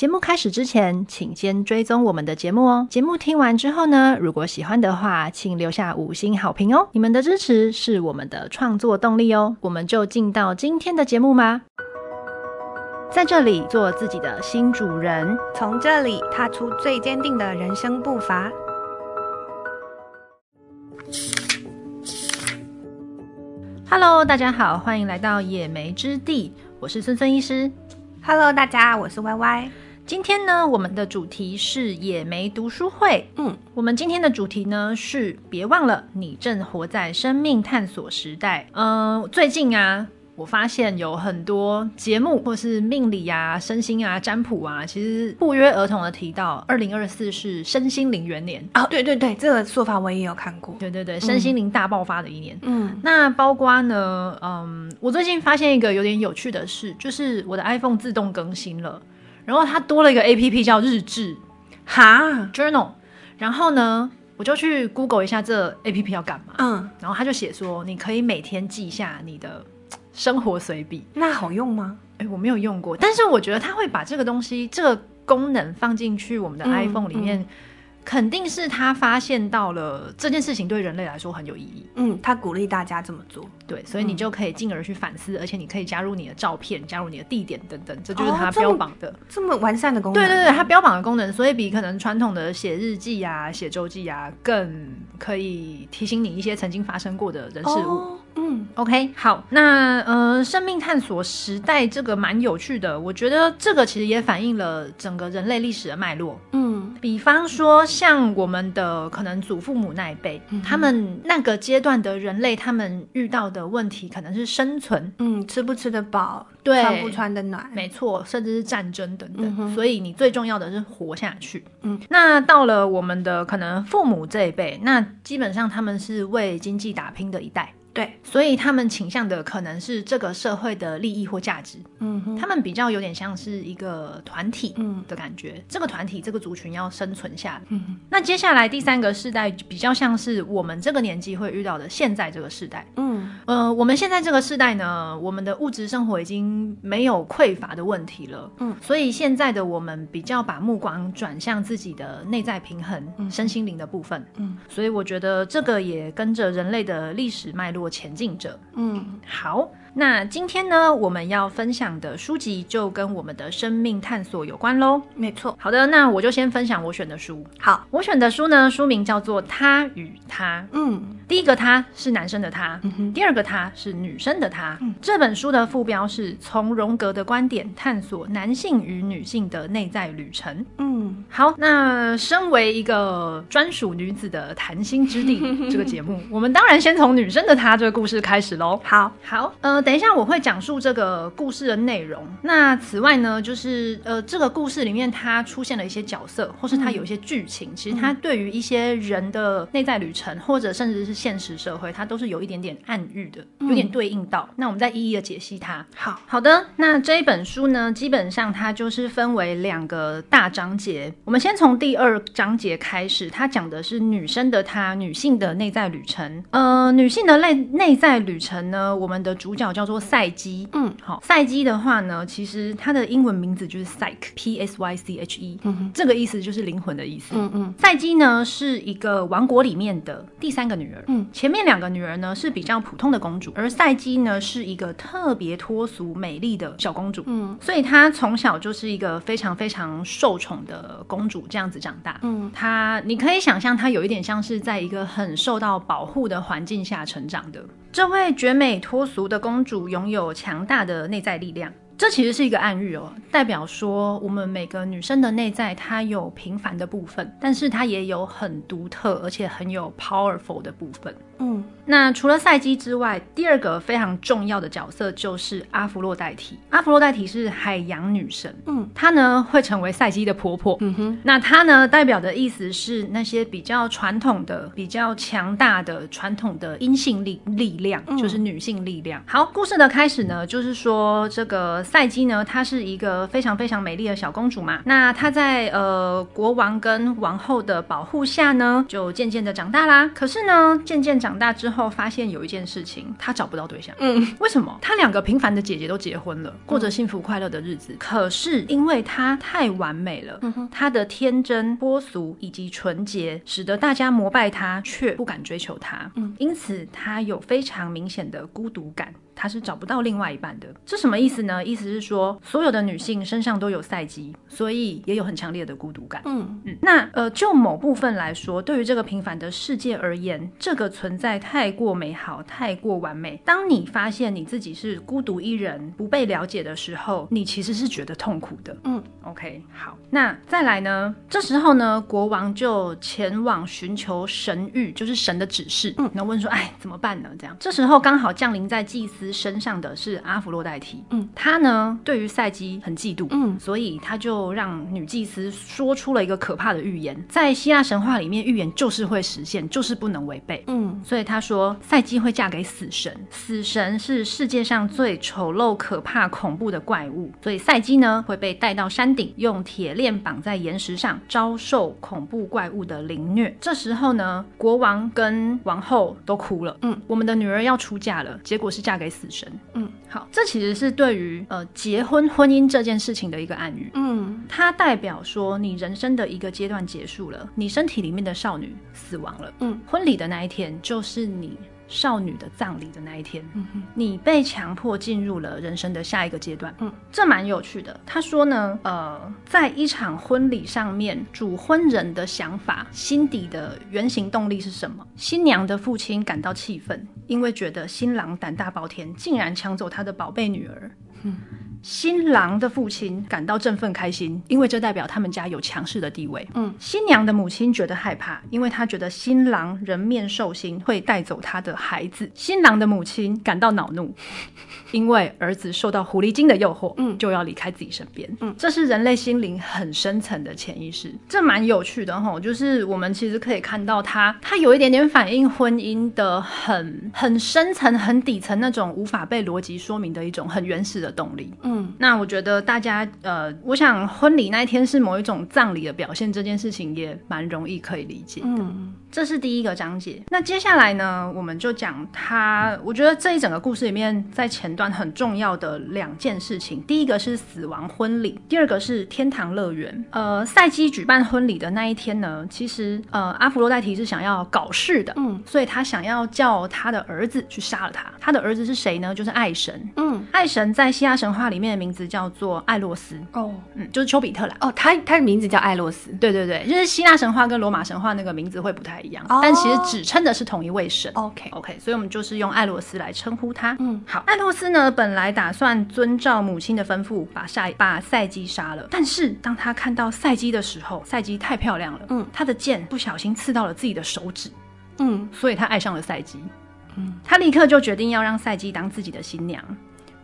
節目開始之前，請先追蹤我們的節目哦。節目聽完之後呢，如果喜歡的話，請留下五星好評哦。你們的支持是我們的創作動力哦。我們就進到今天的節目吧。在這裡做自己的新主人，從這裡踏出最堅定的人生步伐。步伐 Hello，大家好，歡迎來到野莓之地，我是孫孫醫師。Hello，大家，我是 YY。今天呢，我們的主題是野莓讀書會。嗯，我們今天的主題呢是別忘了，你正活在生命探索時代。嗯、呃，最近啊，我發現有很多節目或是命理啊、身心啊、占卜啊，其實不約而同的提到二零二四是身心靈元年啊、哦。對對對，這個說法我也有看過。對對對，身心靈大爆發的一年。嗯，那包括呢，嗯、呃，我最近發現一個有點有趣的事，就是我的 iPhone 自動更新了。然後它多了一個 A P P 叫日志，哈，Journal。然後呢，我就去 Google 一下這 A P P 要幹嘛。嗯。然後他就寫說，你可以每天記一下你的生活隨筆。那好用嗎？哎，我沒有用過，但是我覺得他會把這個東西，這個功能放進去我們的 iPhone、嗯、裡面。嗯肯定是他發現到了這件事情對人類來說很有意義，嗯，他鼓勵大家這麼做，對，所以你就可以進而去反思，嗯，而且你可以加入你的照片，加入你的地點等等，這就是他標榜的。哦，這麼、這麼完善的功能。對對對，他標榜的功能，所以比可能傳統的寫日記啊、寫周記啊更可以提醒你一些曾經發生過的人事物。哦。嗯，OK，好，那呃，生命探索時代這個蠻有趣的，我覺得這個其實也反映了整個人類歷史的脈絡。嗯，比方說像我們的可能祖父母那一輩，嗯、他們那個階段的人類，他們遇到的問題可能是生存，嗯，吃不吃得飽，對穿不穿得暖，沒錯，甚至是戰爭等等。嗯、哼所以你最重要的是活下去。嗯，那到了我們的可能父母這一輩，那基本上他們是為經濟打拼的一代。對，所以他們傾向的可能是這個社會的利益或價值。嗯哼，他們比較有點像是一個團體，嗯的感覺。嗯、這個團體，這個族群要生存下來。嗯哼，那接下來第三個世代比較像是我們這個年紀會遇到的，現在這個世代。嗯，呃，我們現在這個世代呢，我們的物質生活已經沒有匱乏的問題了。嗯，所以現在的我們比較把目光轉向自己的內在平衡，嗯、哼身心靈的部分。嗯，所以我覺得這個也跟着人類的歷史脈絡前進者，嗯，好，那今天呢，我們要分享的書籍就跟我們的生命探索有關嘍，沒錯。好的，那我就先分享我選的書。好，我選的書呢，書名叫做《他與她》，嗯，第一個他是男生的他，嗯哼，第二個他是女生的他。嗯，這本書的副標是從榮格的觀點探索男性與女性的內在旅程。嗯好，那身為一個專屬女子的談心之地，這個節目， 我們當然先從女生的她這個故事開始嘍。好，好，呃，等一下我會講述這個故事的內容。那此外呢，就是呃，這個故事裡面它出現了一些角色，或是它有一些劇情，嗯、其實它對於一些人的內在旅程，或者甚至是現實社會，它都是有一點點暗喻的，有點對應到。嗯、那我們再一一的解析它。好，好的，那這一本書呢，基本上它就是分為兩個大章節。我們先從第二章節開始，它講的是女生的她，女性的內在旅程。呃，女性的內內在旅程呢，我們的主角叫做賽基。嗯，好，賽基的話呢，其實她的英文名字就是 psyche，p s y c h e，嗯哼，這個意思就是靈魂的意思。嗯嗯，賽基呢是一個王國裡面的第三個女兒。嗯，前面兩個女兒呢是比較普通的公主，而賽基呢是一個特別脫俗、美麗的小公主。嗯，所以她從小就是一個非常非常受寵的。呃，公主這樣子長大，嗯，她你可以想象，她有一點像是在一個很受到保護的環境下成長的。這位絕美脫俗的公主擁有強大的內在力量，這其實是一個暗喻哦，代表說我們每個女生的內在，她有平凡的部分，但是她也有很獨特而且很有 powerful 的部分。嗯，那除了賽姬之外，第二個非常重要的角色就是阿芙洛黛提。阿芙洛黛提是海洋女神，嗯，她呢會成為賽姬的婆婆，嗯哼。那她呢代表的意思是那些比較傳統的、比較強大的傳統的陰性力力量，就是女性力量。嗯、好，故事的開始呢，就是說這個賽姬呢，她是一個非常非常美麗的小公主嘛。那她在呃國王跟王後的保護下呢，就漸漸的長大啦。可是呢，漸漸長。長大之後，發現有一件事情，他找不到對象。嗯、為什麼？他兩個平凡的姐姐都結婚了，過着幸福快樂的日子。嗯、可是，因為他太完美了，嗯、哼他的天真、脫俗以及純潔，使得大家膜拜他，卻不敢追求他。嗯、因此他有非常明顯的孤獨感。他是找不到另外一半的，這什麼意思呢？意思是說，所有的女性身上都有賽姬，所以也有很強烈的孤獨感。嗯嗯。那呃，就某部分來說，對於這個平凡的世界而言，這個存在太過美好，太過完美。當你發現你自己是孤獨一人，不被了解的時候，你其實是覺得痛苦的。嗯。OK，好。那再來呢？這時候呢，國王就前往尋求神諭，就是神的指示。嗯。然後問說：“哎，怎麼辦呢？”這樣。這時候剛好降臨在祭司。身上的是阿芙洛黛蒂。嗯，他呢對於賽姬很嫉妒，嗯，所以他就讓女祭司說出了一個可怕的預言。在希臘神話裡面，預言就是會實現，就是不能違背，嗯，所以他說賽姬會嫁給死神，死神是世界上最醜陋、可怕、恐怖的怪物，所以賽姬呢會被帶到山頂，用鐵鏈綁在岩石上，遭受恐怖怪物的凌虐。這時候呢，國王跟王后都哭了，嗯，我們的女兒要出嫁了，結果是嫁給。死神，嗯，好，這其實是對於呃結婚婚姻這件事情的一個暗喻，嗯，它代表說你人生的一個階段結束了，你身體裡面的少女死亡了，嗯，婚禮的那一天就是你。少女的葬禮的那一天，嗯、哼你被強迫進入了人生的下一個階段，嗯、這蠻有趣的。他說呢，呃，在一場婚禮上面，主婚人的想法，心底的原型動力是什麼？新娘的父親感到氣憤，因為覺得新郎膽大包天，竟然搶走他的寶貝女兒。嗯新郎的父親感到振奮開心，因為這代表他們家有強勢的地位。嗯，新娘的母親覺得害怕，因為她覺得新郎人面獸心會帶走她的孩子。新郎的母親感到惱怒， 因為兒子受到狐狸精的誘惑，嗯，就要離開自己身邊。嗯，這是人類心靈很深層的潛意識，這蠻有趣的吼、哦，就是我們其實可以看到他，他有一點點反映婚姻的很很深層、很底層那種無法被邏輯說明的一種很原始的動力。嗯，那我覺得大家，呃，我想婚禮那一天是某一種葬禮的表現，這件事情也蠻容易可以理解的。嗯這是第一個章節。那接下來呢，我們就講他。我覺得這一整個故事裡面，在前段很重要的兩件事情，第一個是死亡婚禮，第二個是天堂樂園。呃，賽基舉辦婚禮的那一天呢，其實呃，阿芙洛黛蒂是想要搞事的，嗯，所以他想要叫他的兒子去殺了他。他的兒子是誰呢？就是愛神，嗯，愛神在希臘神話裡面的名字叫做愛洛斯，哦，嗯，就是丘比特啦，哦，他他的名字叫愛洛斯，對對對，就是希臘神話跟羅馬神話那個名字會不太。但其實只稱的是同一位神。OK OK，所以我們就是用艾洛斯來稱呼他。嗯，好，艾洛斯呢，本來打算遵照母親的吩咐，把賽把賽姬殺了。但是當他看到賽姬的時候，賽姬太漂亮了。嗯，他的劍不小心刺到了自己的手指。嗯，所以他愛上了賽姬。嗯，他立刻就決定要讓賽姬當自己的新娘。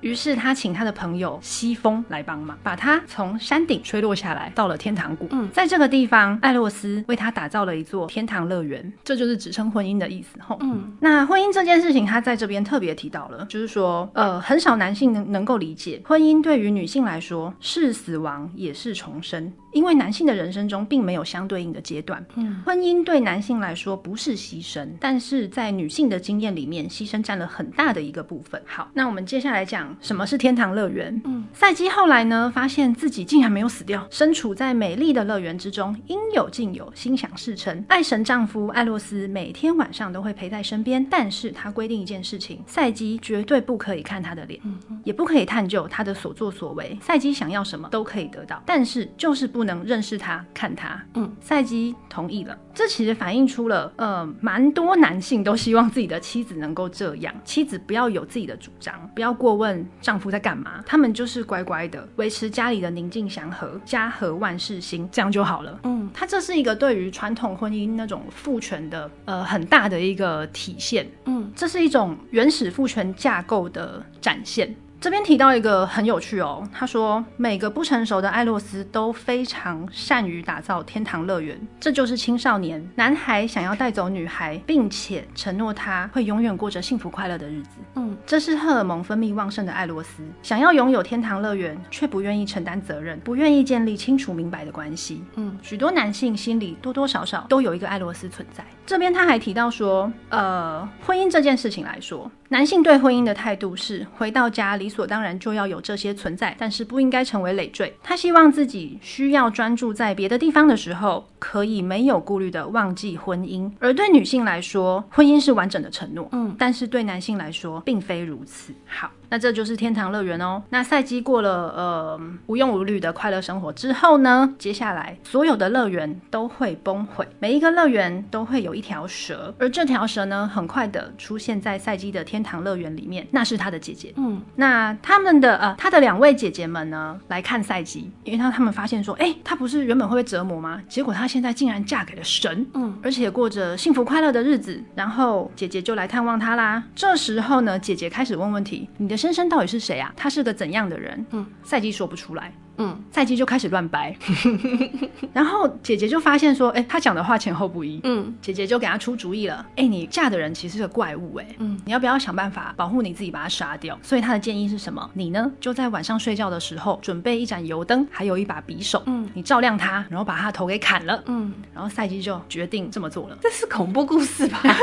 於是他請他的朋友西風來幫忙，把他從山頂吹落下來，到了天堂谷。嗯，在這個地方，艾洛斯為他打造了一座天堂樂園，這就是指稱婚姻的意思。吼，嗯，那婚姻這件事情，他在這邊特別提到了，就是說，呃，很少男性能能夠理解，婚姻對於女性來說是死亡也是重生，因為男性的人生中並沒有相對應的階段。嗯，婚姻對男性來說不是犧牲，但是在女性的經驗裡面，犧牲佔了很大的一個部分。好，那我們接下來講。什麼是天堂樂園？嗯，賽基後來呢，發現自己竟然沒有死掉，身處在美麗的樂園之中，應有盡有，心想事成。愛神丈夫艾洛斯每天晚上都會陪在身邊，但是他規定一件事情：賽基絕對不可以看他的臉，嗯、也不可以探究他的所作所為。賽基想要什麼都可以得到，但是就是不能認識他，看他。嗯，賽基同意了。這其實反映出了，呃，蠻多男性都希望自己的妻子能夠這樣，妻子不要有自己的主張，不要過問。丈夫在幹嘛？他們就是乖乖的維持家裡的寧靜祥和，家和萬事興，這樣就好了。嗯，他這是一個對於傳統婚姻那種父權的呃很大的一個體現。嗯，這是一種原始父權架構的展現。這邊提到一個很有趣哦，他說每個不成熟的艾洛斯都非常善於打造天堂樂園，這就是青少年男孩想要帶走女孩，並且承諾他會永遠過着幸福快樂的日子。嗯，這是荷爾蒙分泌旺盛的艾洛斯，想要擁有天堂樂園，卻不願意承擔責任，不願意建立清楚明白的關係。嗯，許多男性心裡多多少少都有一個艾洛斯存在。這邊他還提到說，呃，婚姻這件事情來說。男性對婚姻的態度是，回到家理所當然就要有這些存在，但是不應該成為累贅。他希望自己需要專注在別的地方的時候，可以沒有顧慮地忘記婚姻。而對女性來說，婚姻是完整的承諾，嗯，但是對男性來說，並非如此。好。那這就是天堂樂園哦。那賽姬過了，呃，無憂無慮的快樂生活之後呢？接下來所有的樂園都會崩毀，每一個樂園都會有一條蛇，而這條蛇呢，很快的出現在賽姬的天堂樂園裡面，那是他的姐姐。嗯，那他們的呃，她的兩位姐姐們呢，來看賽姬，因為他他們發現說，誒，她不是原本會被折磨嗎？結果她現在竟然嫁給了神，嗯，而且過着幸福快樂的日子。然後姐姐就來探望她啦。這時候呢，姐姐開始問問題，你的。深深到底是誰啊？他是個怎樣的人？嗯，賽姬說不出來。嗯，賽姬就開始亂掰。 然後姐姐就發現說，哎、欸，他講的話前後不一。嗯，姐姐就給他出主意了，哎、欸，你嫁的人其實是個怪物，欸，哎，嗯，你要不要想辦法保護你自己，把他殺掉？所以他的建議是什麼？你呢，就在晚上睡覺的時候準備一盞油燈，還有一把匕首。嗯，你照亮他，然後把他頭給砍了。嗯，然後賽姬就決定這麼做了。這是恐怖故事吧？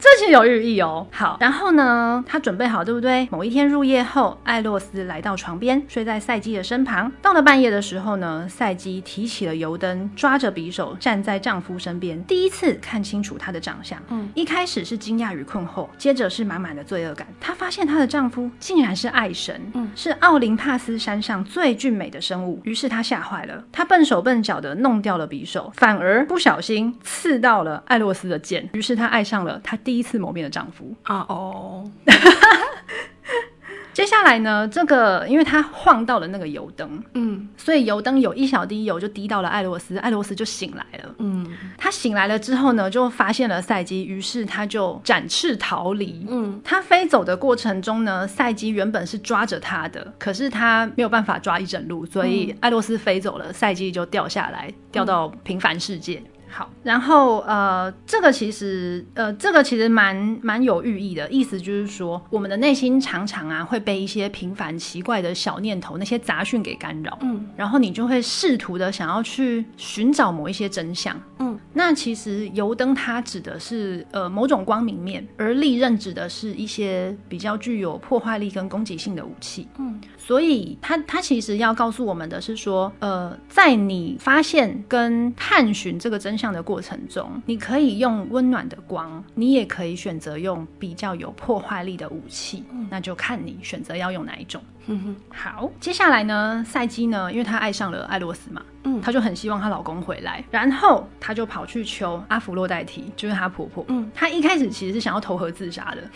這些有寓意哦。好，然後呢，她準備好，對不對？某一天入夜後，艾洛斯來到床邊，睡在賽姬的身旁。到了半夜的時候呢，賽姬提起了油燈，抓着匕首站在丈夫身邊，第一次看清楚他的長相。嗯，一開始是驚訝與困惑，接着是滿滿的罪惡感。她發現她的丈夫竟然是愛神，嗯，是奧林帕斯山上最俊美的生物。於是她嚇壞了，她笨手笨腳地弄掉了匕首，反而不小心刺到了艾洛斯的箭。於是她愛上了他。第一次謀面的丈夫啊哦。 接下來呢，這個因為他晃到了那個油燈，嗯，所以油燈有一小滴油就滴到了艾洛斯，艾洛斯就醒來了，嗯，他醒來了之後呢，就發現了賽姬，於是他就展翅逃離，嗯，他飛走的過程中呢，賽姬原本是抓着他的，可是他沒有辦法抓一整路，所以艾洛斯飛走了，賽姬就掉下來，掉到平凡世界。嗯好，然後呃，這個其實呃，這個其實蠻蠻有寓意的，意思就是說，我們的內心常常啊會被一些頻繁奇怪的小念頭那些雜訊給干擾，嗯，然後你就會試圖的想要去尋找某一些真相，嗯，那其實油燈它指的是呃某種光明面，而利刃指的是一些比較具有破壞力跟攻擊性的武器，嗯，所以它它其實要告訴我們的是說，呃，在你發現跟探尋這個真像的過程中，你可以用溫暖的光，你也可以選擇用比較有破壞力的武器，那就看你選擇要用哪一種。嗯哼，好，接下來呢，賽基呢，因為她愛上了艾洛斯嘛，嗯，她就很希望她老公回來，然後她就跑去求阿弗洛代提，就是她婆婆，嗯，她一開始其實是想要投河自殺的，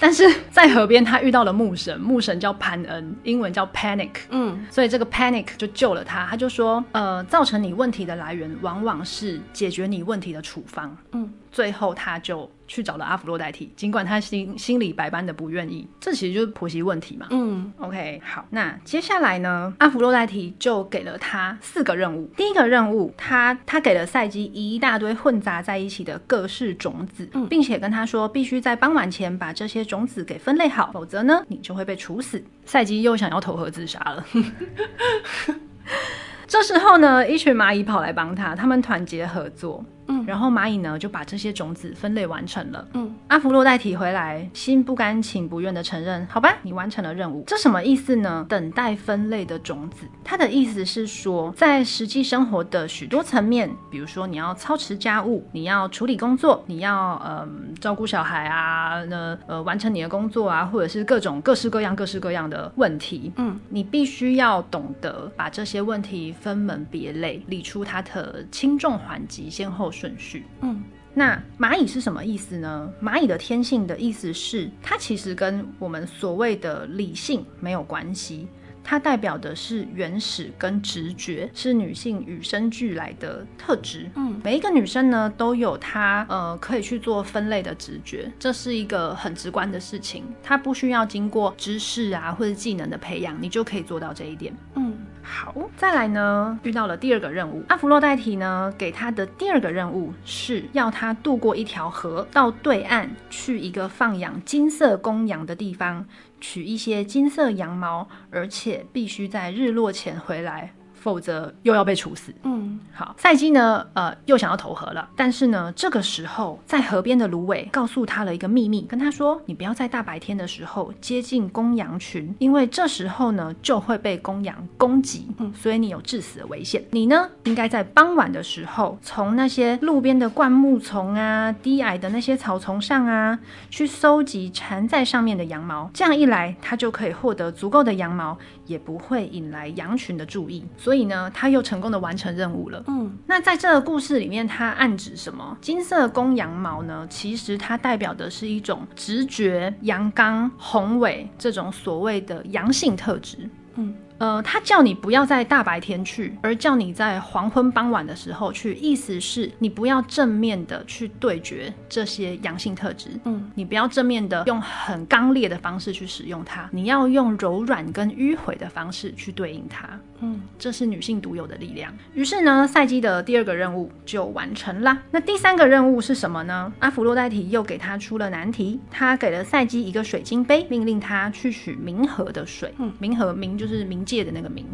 但是在河邊她遇到了牧神，牧神叫潘恩，英文叫 Panic，嗯，所以這個 Panic 就救了她，他就說，呃，造成你問題的來源往往是解決你問題的處方，嗯。最後，他就去找了阿弗洛戴蒂，儘管他心心裡百般的不願意，這其實就是婆媳問題嘛。嗯，OK，好，那接下來呢，阿弗洛戴蒂就給了他四個任務。第一個任務，他他給了賽基一大堆混雜在一起的各式種子，嗯、並且跟他說，必須在傍晚前把這些種子給分類好，否則呢，你就會被處死。賽基又想要投河自殺了。 這時候呢，一群螞蟻跑來幫他，他們團結合作。嗯，然後螞蟻呢就把這些種子分類完成了。嗯，阿福洛代提回來，心不甘情不願的承認：“好吧，你完成了任務。”這什麼意思呢？等待分類的種子，它的意思是說，在實際生活的許多層面，比如說你要操持家務，你要處理工作，你要嗯照顧小孩啊，那呃完成你的工作啊，或者是各種各式各樣、各式各樣的問題。嗯，你必須要懂得把這些問題分門別類，理出它的輕重緩急、先後。順序，嗯，那螞蟻是什麼意思呢？螞蟻的天性的意思是，它其實跟我們所謂的理性沒有關係。它代表的是原始跟直覺，是女性與生俱來的特質。嗯，每一個女生呢都有她呃可以去做分類的直覺，這是一個很直觀的事情，她不需要經過知識啊或者技能的培養，你就可以做到這一點。嗯，好，再來呢遇到了第二個任務，阿芙洛黛蒂呢給她的第二個任務是要她渡過一條河，到對岸去一個放養金色公羊的地方。取一些金色羊毛，而且必須在日落前回來。否則又要被處死。嗯，好，賽基呢？呃，又想要投河了。但是呢，這個時候在河邊的蘆葦告訴他了一個秘密，跟他說：“你不要在大白天的時候接近公羊群，因為這時候呢就會被公羊攻擊，所以你有致死的危險。嗯、你呢應該在傍晚的時候，從那些路邊的灌木叢啊、低矮的那些草叢上啊，去搜集纏在上面的羊毛。這樣一來，他就可以獲得足夠的羊毛，也不會引來羊群的注意。所以所以呢，他又成功的完成任務了。嗯，那在這個故事裡面，它暗指什麼？金色公羊毛呢？其實它代表的是一種直覺、陽剛、宏偉這種所謂的陽性特質。嗯。呃，他叫你不要在大白天去，而叫你在黃昏傍晚的時候去。意思是你不要正面的去對決這些陽性特質，嗯，你不要正面的用很剛烈的方式去使用它，你要用柔軟跟迂回的方式去對應它，嗯，這是女性獨有的力量。於是呢，賽姬的第二個任務就完成了。那第三個任務是什麼呢？阿芙洛黛蒂又給他出了難題，他給了賽姬一個水晶杯，命令他去取冥河的水。嗯，冥河冥就是冥。界的那個名，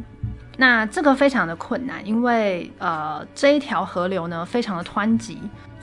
那這個非常的困難，因為呃這一條河流呢非常的湍急。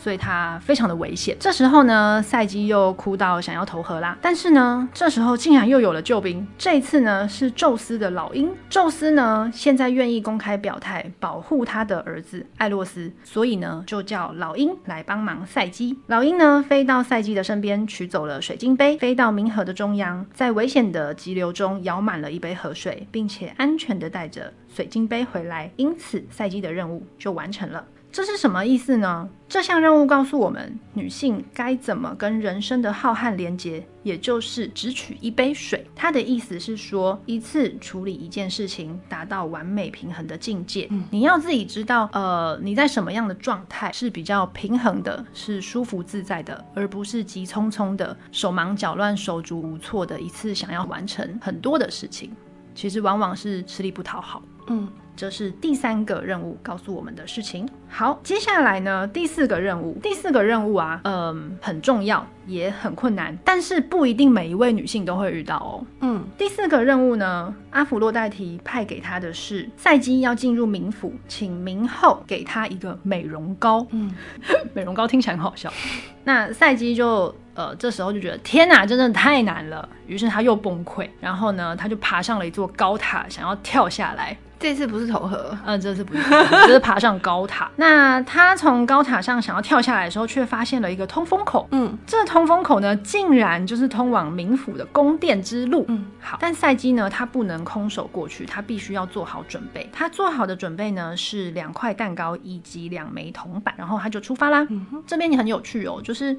對他非常的危險。這時候呢，賽基又哭到想要投河啦。但是呢，這時候竟然又有了救兵。這一次呢，是宙斯的老鷹。宙斯呢，現在願意公開表態保護他的兒子艾洛斯，所以呢，就叫老鷹來幫忙賽基。老鷹呢，飛到賽基的身邊，取走了水晶杯，飛到冥河的中央，在危險的急流中舀滿了一杯河水，並且安全地帶着水晶杯回來。因此，賽基的任務就完成了。這是什麼意思呢？這項任務告訴我們，女性該怎麼跟人生的浩瀚連接，也就是只取一杯水。她的意思是說，一次處理一件事情，達到完美平衡的境界。嗯、你要自己知道，呃，你在什麼樣的狀態是比較平衡的，是舒服自在的，而不是急匆匆的、手忙腳亂、手足無措的，一次想要完成很多的事情，其實往往是吃力不討好。嗯。這是第三個任務告訴我們的事情。好，接下來呢，第四個任務，第四個任務啊，嗯、呃，很重要，也很困難，但是不一定每一位女性都會遇到哦。嗯，第四個任務呢，阿芙洛黛提派給她的是賽基要進入冥府，請冥後給他一個美容膏。嗯， 美容膏聽起來很好笑。 那賽基就呃，這時候就覺得天哪、啊，真的太難了，於是他又崩潰，然後呢，他就爬上了一座高塔，想要跳下來。這次不是投河，嗯、啊，這次不是，就是爬上高塔。 那他從高塔上想要跳下來的時候，卻發現了一個通風口。嗯，這通風口呢，竟然就是通往冥府的宮殿之路。嗯，好，但賽姬呢，他不能空手過去，他必須要做好準備。他做好的準備呢，是兩塊蛋糕以及兩枚銅板，然後他就出發啦。嗯哼，這邊也很有趣哦，就是，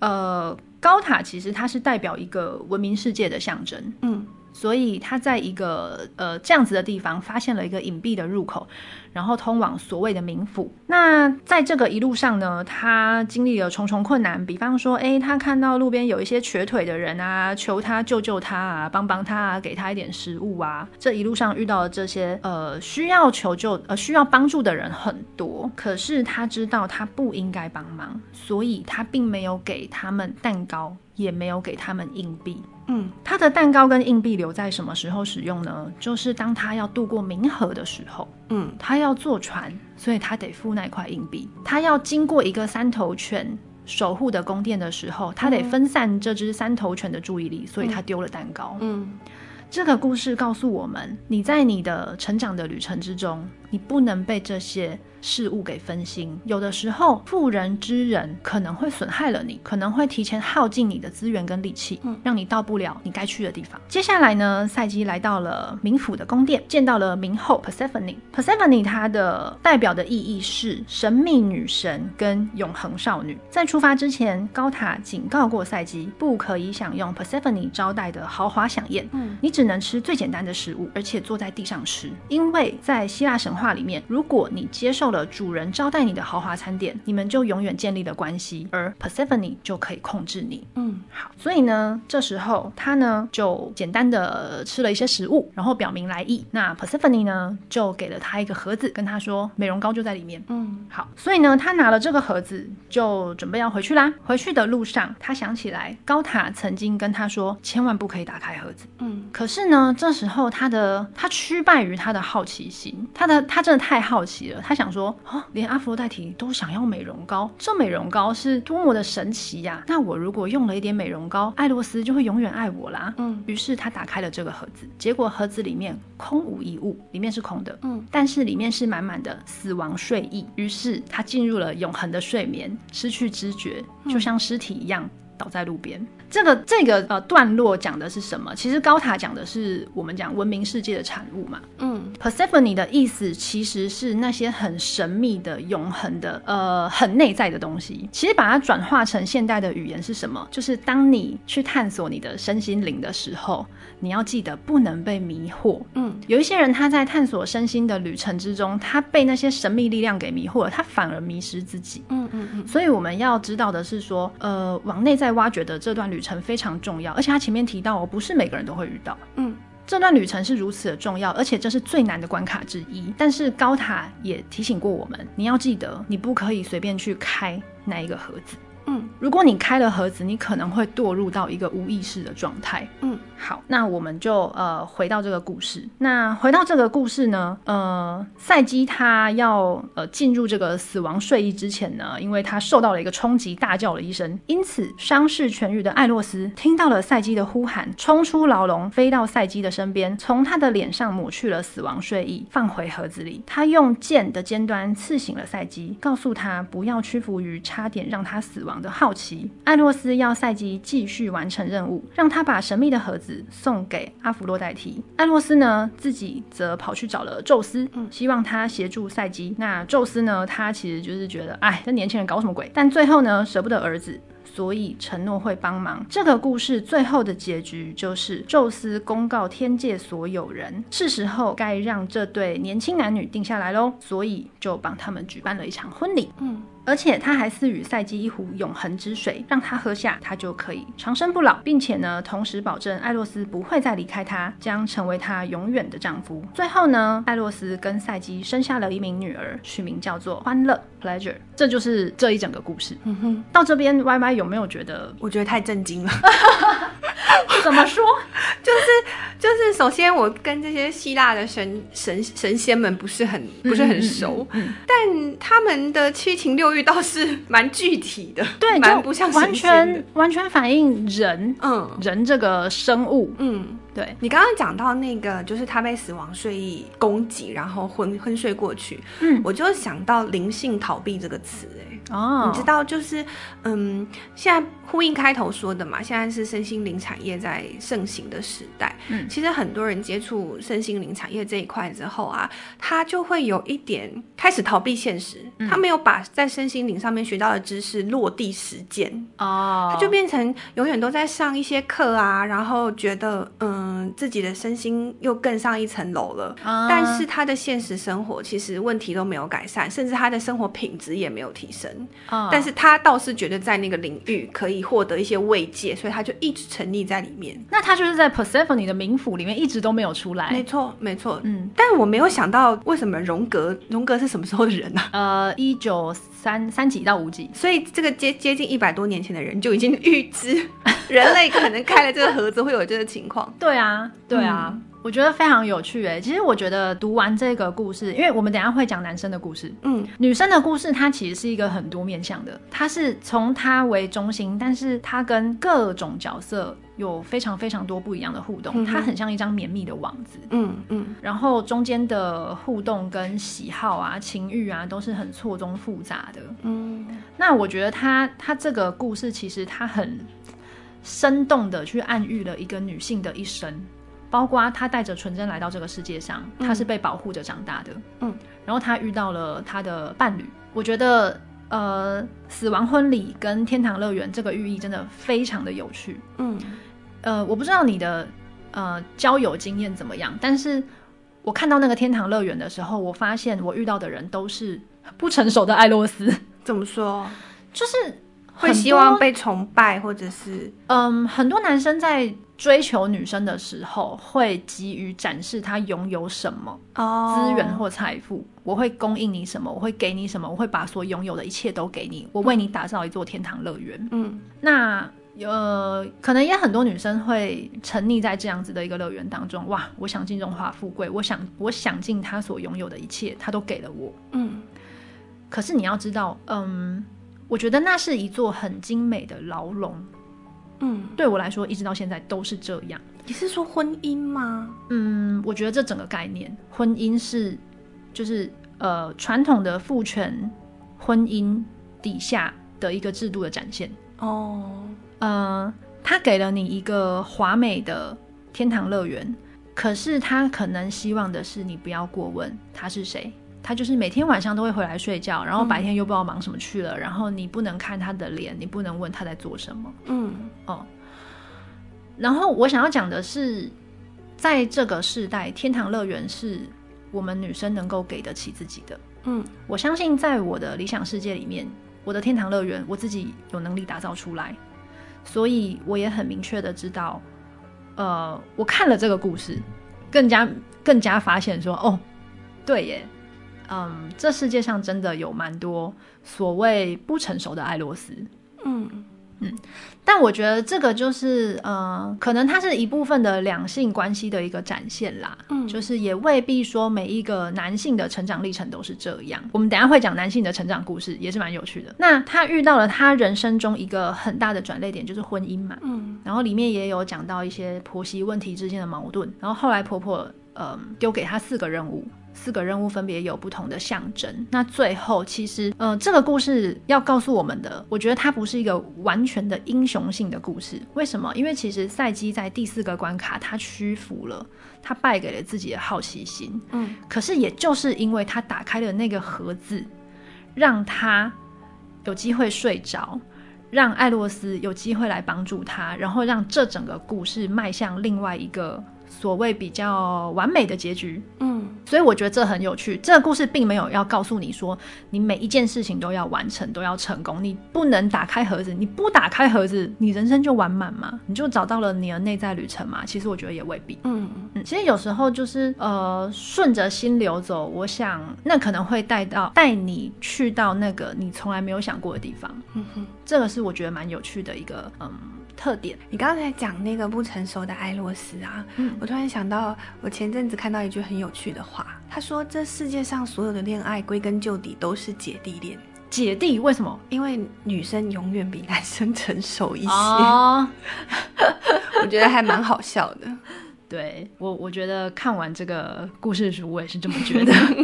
呃，高塔其實它是代表一個文明世界的象徵。嗯。所以他在一個呃這樣子的地方發現了一個隱蔽的入口，然後通往所謂的冥府。那在這個一路上呢，他經歷了重重困難，比方說，誒、欸，他看到路邊有一些瘸腿的人啊，求他救救他啊，幫幫他啊，給他一點食物啊。這一路上遇到的這些呃需要求救呃需要幫助的人很多，可是他知道他不應該幫忙，所以他並沒有給他們蛋糕，也沒有給他們硬幣。嗯，他的蛋糕跟硬幣留在什麼時候使用呢？就是當他要渡過冥河的時候，嗯，他要坐船，所以他得付那塊硬幣。他要經過一個三頭犬守護的宮殿的時候，他得分散這隻三頭犬的注意力，嗯，所以他丟了蛋糕。嗯，嗯，這個故事告訴我們，你在你的成長的旅程之中，你不能被這些。事物給分心，有的時候婦人之仁可能會損害了你，可能會提前耗盡你的資源跟力氣，嗯，讓你到不了你該去的地方。接下來呢，賽姬來到了冥府的宮殿，見到了冥後 Persephone。Persephone 它的代表的意義是神秘女神跟永恆少女。在出發之前，高塔警告過賽姬，不可以享用 Persephone 招待的豪華饗宴，嗯，你只能吃最簡單的食物，而且坐在地上吃，因為在希臘神話裡面，如果你接受了。的主人招待你的豪華餐點，你們就永遠建立了關係，而 Persephone 就可以控制你。嗯，好，所以呢，這時候他呢就簡單的吃了一些食物，然後表明來意。那 Persephone 呢就給了他一個盒子，跟他說美容膏就在裡面。嗯，好，所以呢，他拿了這個盒子就準備要回去啦。回去的路上，他想起來高塔曾經跟他說千萬不可以打開盒子。嗯，可是呢，這時候他的他屈敗於他的好奇心，他的他真的太好奇了，他想說。哦，連阿佛洛狄忒都想要美容膏，這美容膏是多麼的神奇呀，啊！那我如果用了一點美容膏，艾洛斯就會永遠愛我啦。嗯，於是他打開了這個盒子，結果盒子裡面空無一物，裡面是空的。嗯，但是裡面是滿滿的死亡睡意，於是他進入了永恆的睡眠，失去知覺，嗯，就像屍體一樣倒在路邊。這個這個呃段落講的是什麼？其實高塔講的是我們講文明世界的產物嘛。嗯，Persephone 的意思其實是那些很神秘的、永恆的、呃很內在的東西。其實把它轉化成現代的語言是什麼？就是當你去探索你的身心靈的時候，你要記得不能被迷惑。嗯，有一些人他在探索身心的旅程之中，他被那些神秘力量給迷惑了，他反而迷失自己。嗯嗯嗯。嗯嗯，所以我們要知道的是說，呃，往內在挖掘的這段旅程，非常重要，而且他前面提到，不是每個人都會遇到。嗯，這段旅程是如此的重要，而且這是最難的關卡之一。但是高塔也提醒過我們，你要記得，你不可以隨便去開那一個盒子。嗯，如果你開了盒子，你可能會墮入到一個無意識的狀態。嗯，好，那我們就呃回到這個故事。那回到這個故事呢，呃，賽姬他要呃進入這個死亡睡意之前呢，因為他受到了一個衝擊，大叫了一聲。因此，傷勢痊癒的艾洛斯聽到了賽姬的呼喊，衝出牢籠，飛到賽姬的身邊，從他的臉上抹去了死亡睡意，放回盒子裡。他用劍的尖端刺醒了賽姬，告訴他不要屈服於差點讓他死亡的好奇，艾洛斯要賽基繼續完成任務，讓他把神秘的盒子送給阿弗洛代提。艾洛斯呢，自己則跑去找了宙斯，嗯、希望他協助賽基。那宙斯呢，他其實就是覺得，哎，這年輕人搞什麼鬼？但最後呢，捨不得兒子，所以承諾會幫忙。這個故事最後的結局就是，宙斯公告天界所有人，是時候該讓這對年輕男女定下來嘍，所以就幫他們舉辦了一場婚禮。嗯。而且他還賜予賽基一壺永恆之水，讓他喝下，他就可以長生不老，並且呢，同時保證艾洛斯不會再離開他，將成為他永遠的丈夫。最後呢，艾洛斯跟賽基生下了一名女兒，取名叫做歡樂 （Pleasure）。這就是這一整個故事。嗯哼，到這邊 YY 有沒有覺得？我覺得太震驚了。 怎麼說？就是。就是首先，我跟這些希臘的神神神仙們不是很不是很熟，嗯、但他們的七情六欲倒是蠻具體的，對，蠻不像的完全完全反映人，嗯，人這個生物，嗯，對，你剛剛講到那個，就是他被死亡睡意攻擊，然後昏昏睡過去，嗯，我就想到靈性逃避這個詞、欸，哎。哦，oh. 你知道，就是，嗯，現在呼應開頭說的嘛，現在是身心靈產業在盛行的時代。嗯，其實很多人接觸身心靈產業這一塊之後啊，他就會有一點開始逃避現實，嗯、他沒有把在身心靈上面學到的知識落地實踐。哦，oh. 他就變成永遠都在上一些課啊，然後覺得，嗯，自己的身心又更上一層樓了。Oh. 但是他的現實生活其實問題都沒有改善，甚至他的生活品質也沒有提升。但是他倒是覺得在那個領域可以獲得一些慰藉，所以他就一直沉溺在裡面。那他就是在 Persephone 的冥府裡面一直都沒有出來。沒錯，沒錯。嗯，但我沒有想到為什麼榮格，榮格是什麼時候的人呢、啊？呃，一九三三幾到五幾，所以這個接接近一百多年前的人就已經預知人類可能開了這個盒子會有這個情況。 對啊，對啊。嗯。我覺得非常有趣哎、欸，其實我覺得讀完這個故事，因為我們等下會講男生的故事，嗯，女生的故事它其實是一個很多面向的，它是從她為中心，但是她跟各種角色有非常非常多不一樣的互動，嗯嗯，它很像一張綿密的網子，嗯嗯，然後中間的互動跟喜好啊、情慾啊都是很錯綜複雜的，嗯，那我覺得她她這個故事其實她很生動地去暗喻了一個女性的一生。包括他帶着純真來到這個世界上，他是被保護着長大的。嗯，嗯，然後他遇到了他的伴侶。我覺得，呃，死亡婚禮跟天堂樂園這個寓意真的非常的有趣。嗯，呃，我不知道你的呃交友經驗怎麼樣，但是我看到那個天堂樂園的時候，我發現我遇到的人都是不成熟的愛洛斯。怎麼說？就是。會希望被崇拜，或者是嗯，很多男生在追求女生的時候，會急於展示他擁有什麼資源或財富。Oh. 我會供應你什麼？我會給你什麼？我會把所擁有的一切都給你。我為你打造一座天堂樂園。嗯，那呃，可能也很多女生會沉溺在這樣子的一個樂園當中。哇，我想盡榮華富貴，我想，我想盡他所擁有的一切，他都給了我。嗯，可是你要知道，嗯。我覺得那是一座很精美的牢籠，嗯，對我來說一直到現在都是這樣。你是說婚姻嗎？嗯，我覺得這整個概念，婚姻是就是呃傳統的父權婚姻底下的一個制度的展現。哦，呃，他給了你一個華美的天堂樂園，可是他可能希望的是你不要過問他是誰。他就是每天晚上都會回來睡覺，然後白天又不知道忙什麼去了。嗯，然後你不能看他的臉，你不能問他在做什麼。嗯哦。然後我想要講的是，在這個時代，天堂樂園是我們女生能夠給得起自己的。嗯，我相信在我的理想世界裡面，我的天堂樂園我自己有能力打造出來。所以我也很明確的知道，呃，我看了這個故事，更加更加發現說，哦，對耶。嗯，這世界上真的有蠻多所謂不成熟的愛洛斯，嗯嗯，但我覺得這個就是，呃、嗯，可能它是一部分的兩性關係的一個展現啦，嗯，就是也未必說每一個男性的成長歷程都是這樣。我們等一下會講男性的成長故事，也是蠻有趣的。那他遇到了他人生中一個很大的轉捩點，就是婚姻嘛，嗯，然後裡面也有講到一些婆媳問題之間的矛盾，然後後來婆婆，嗯丟給他四個任務。四個任務，分別有不同的象徵。那最後，其實，呃，這個故事要告訴我們的，我覺得它不是一個完全的英雄性的故事。為什麼？因為其實賽姬在第四個關卡他屈服了，他敗給了自己的好奇心。嗯，可是也就是因為他打開了那個盒子，讓他有機會睡着，讓艾洛斯有機會來幫助他，然後讓這整個故事邁向另外一個。所謂比較完美的結局，嗯，所以我覺得這很有趣。這個故事並沒有要告訴你說，你每一件事情都要完成，都要成功。你不能打開盒子，你不打開盒子，你人生就完滿嗎？你就找到了你的內在旅程嘛？其實我覺得也未必。嗯嗯，其實有時候就是呃，順着心流走，我想那可能會帶到帶你去到那個你從來沒有想過的地方。嗯哼，這個是我覺得蠻有趣的一個，嗯。特點，你剛才講那個不成熟的艾洛斯啊，嗯，我突然想到，我前陣子看到一句很有趣的話，他說：“這世界上所有的戀愛歸根究底都是姐弟戀，姐弟為什麼？因為女生永遠比男生成熟一些。”哦， 我覺得還蠻好笑的。對我，我覺得看完這個故事的時候，我也是這麼覺得，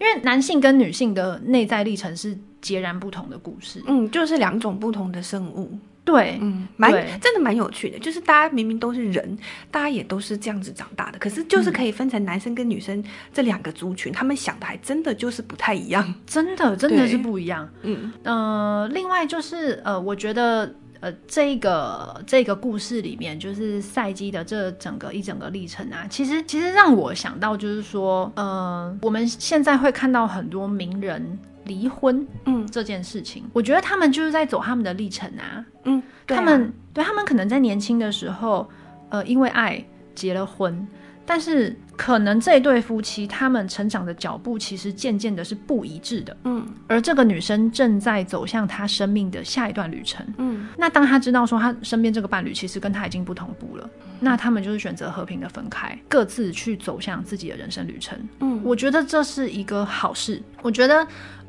因為男性跟女性的內在歷程是截然不同的故事。嗯，就是兩種不同的生物。對，嗯，蠻對真的蠻有趣的，就是大家明明都是人，大家也都是這樣子長大的，可是就是可以分成男生跟女生這兩個族群，嗯、他們想的還真的就是不太一樣，真的真的是不一樣，對嗯，呃，另外就是呃，我覺得呃，這個這個故事裡面，就是賽姬的這整個一整個歷程啊，其實其實讓我想到就是說，呃，我們現在會看到很多名人。離婚，嗯，這件事情，嗯、我覺得他們就是在走他們的歷程啊，嗯，啊、他們對，他們可能在年輕的時候，呃，因為愛結了婚。但是可能這對夫妻他們成長的腳步其實漸漸的是不一致的，嗯，而這個女生正在走向她生命的下一段旅程，嗯，那當她知道說她身邊這個伴侶其實跟她已經不同步了，嗯、那他們就是選擇和平的分開，各自去走向自己的人生旅程，嗯，我覺得這是一個好事，我覺得，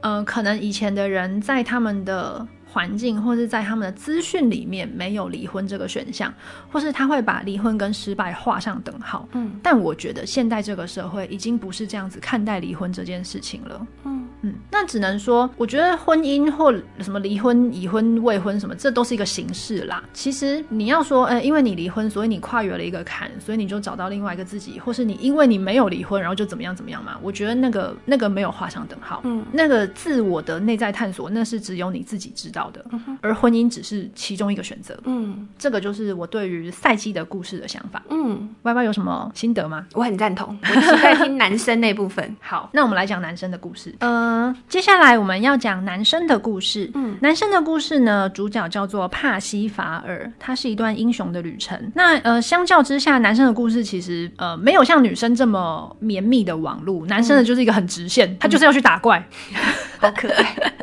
嗯、呃，可能以前的人在他們的。環境或是在他們的資訊裡面沒有離婚這個選項，或是他會把離婚跟失敗畫上等號。嗯，但我覺得現代這個社會已經不是這樣子看待離婚這件事情了。嗯嗯，那只能說，我覺得婚姻或什麼離婚、已婚、未婚什麼，這都是一個形式啦。其實你要說，呃，因為你離婚，所以你跨越了一個坎，所以你就找到另外一個自己，或是你因為你沒有離婚，然後就怎麼樣怎麼樣嘛？我覺得那個那個沒有畫上等號。嗯，那個自我的內在探索，那是只有你自己知道。嗯、而婚姻只是其中一個選擇。嗯，這個就是我對於賽姬的故事的想法。嗯，YY 有什麼心得嗎？我很贊同，我是在聽男生那部分。 好，那我們來講男生的故事。呃，接下來我們要講男生的故事。嗯，男生的故事呢，主角叫做帕西法爾，他是一段英雄的旅程。那呃，相較之下，男生的故事其實呃沒有像女生這麼綿密的網路，男生的就是一個很直線，嗯、他就是要去打怪，嗯、好，好可愛。